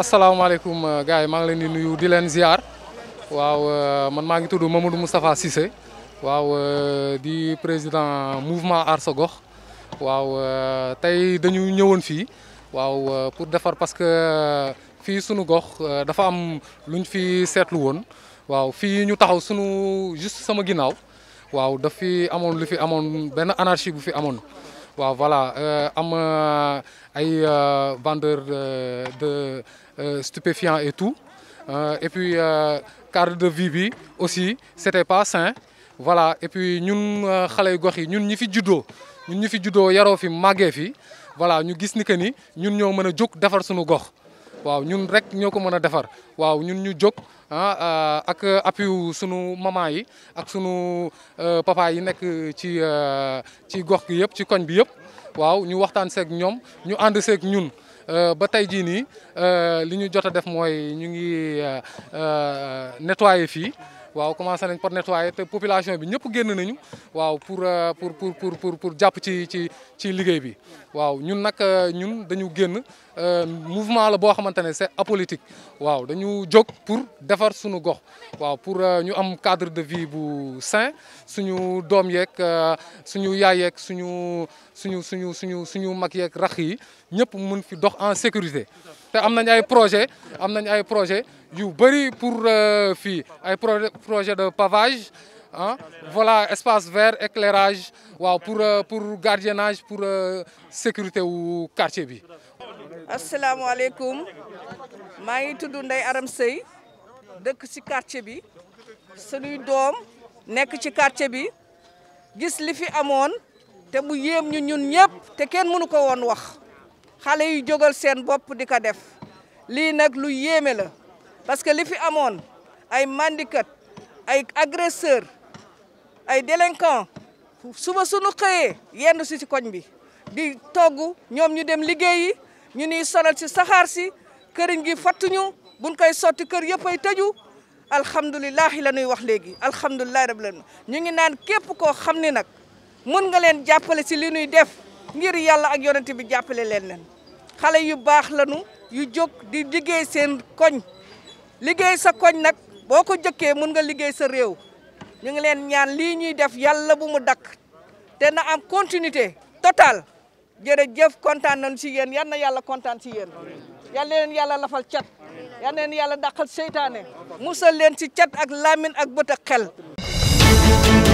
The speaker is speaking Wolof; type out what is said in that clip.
asalaamaaleykum euh, gars yi maa ngi leen di nuyu di leen giar waaw euh, man maa ngi tudd Mamadou Moustapha Cissé waaw euh, di président mouvement Aar Sa Gox waaw tey dañu ñëwoon fii waaw pour defar parce que fii sunu gox dafa am luñ fi seetlu woon waaw fii ñu taxaw sunu juste sama ginnaaw. waaw daf fi amoon lu fi amoon benn anarchie bu fi amoon waaw voilà euh, am euh, ay euh, vendeur de stupéfiants et tout et puis cadre de vie bi aussi c'était pas sain voilà et puis ñun xale yu gox yi ñun ñi fi juddoo ñun ñi fi juddoo yaroo fi màggee fi voilà ñu gis ni que ni ñun ñoo mën a jóg defar suñu gox waaw ñun rek ñoo ko mën a defar waaw ñun ñu jóg ah, ah ak appui sunu maman yi ak sunu euh, papa yi nekk ci euh, ci gox gi yëpp ci koñ bi yëpp waaw ñu waxtaan seeg ñoom ñu ànd seeg ñun. Euh, ba tey jii nii li ñu jot def mooy ñu ngi nettoyer fii waaw commencé nañ par nettoyer te population bi ñëpp génn nañu waaw pour pour pour pour pour jàpp ci ci ci liggéey bi waaw ñun nag ñun dañu génn. Euh, mouvement la bo xamante c'est apolitique waaw dañu jóg pour defar suñu gox waaw pour euh, ñu am cadre de vie bu sain suñu dom yeeg euh, suñu yaay yeeg suñu suñu suñu suñu suñu mag yeeg rax yi ñëpp mun fi dox en sécurité té am nañ ay projet am nañ ay projet yu bari pour fi ay projet de pavage Hein? voilà espace vert éclairage waaw pour pour gardiennage pour sécurité wu quartier bi asalaamaaleykum maa ngi tudd Ndeye Aram Sey dëkk ci quartier bi sunuy doom nekk ci quartier bi gis li fi amoon te mu yéem ñu ñun ñëpp te kenn mënu ko woon wax xale yu jógal seen bopp di ko def lii nag lu yéeme la parce que li fi amoon ay mandikat ay agresseur ay délinquant suba sunu xëyee yendu si ci koñ bi di togg ñoom ñu dem liggéeyi ñu ni sonal ci saxaar si këriñ gi fattuñu buñ koy sotti kër yëpp ay tëju alhamdulilahi la ñuy wax léegi alhamdulilahi rabbil alamin ñu ngi naan képp koo xam ni nag mën nga leen jàppale si li ñuy def ngir yàlla ak yonent bi jàppale leen leen xale yu baax lanu yu jóg di liggéey seen koñ liggéey sa koñ nag boo ko jëkkee mun nga liggéey sa réew ñu ngi leen ñaan lii ñuy def yàlla bu mu dakk te na am continuité totale jërëjëf kontaan nañu si yéen yan na yàlla kontaan ci yéen yal na leen yàlla lafal cat yal na leen yàlla dàqal seytaane musal leen ci cat ak làmmiñ ak bët ak xel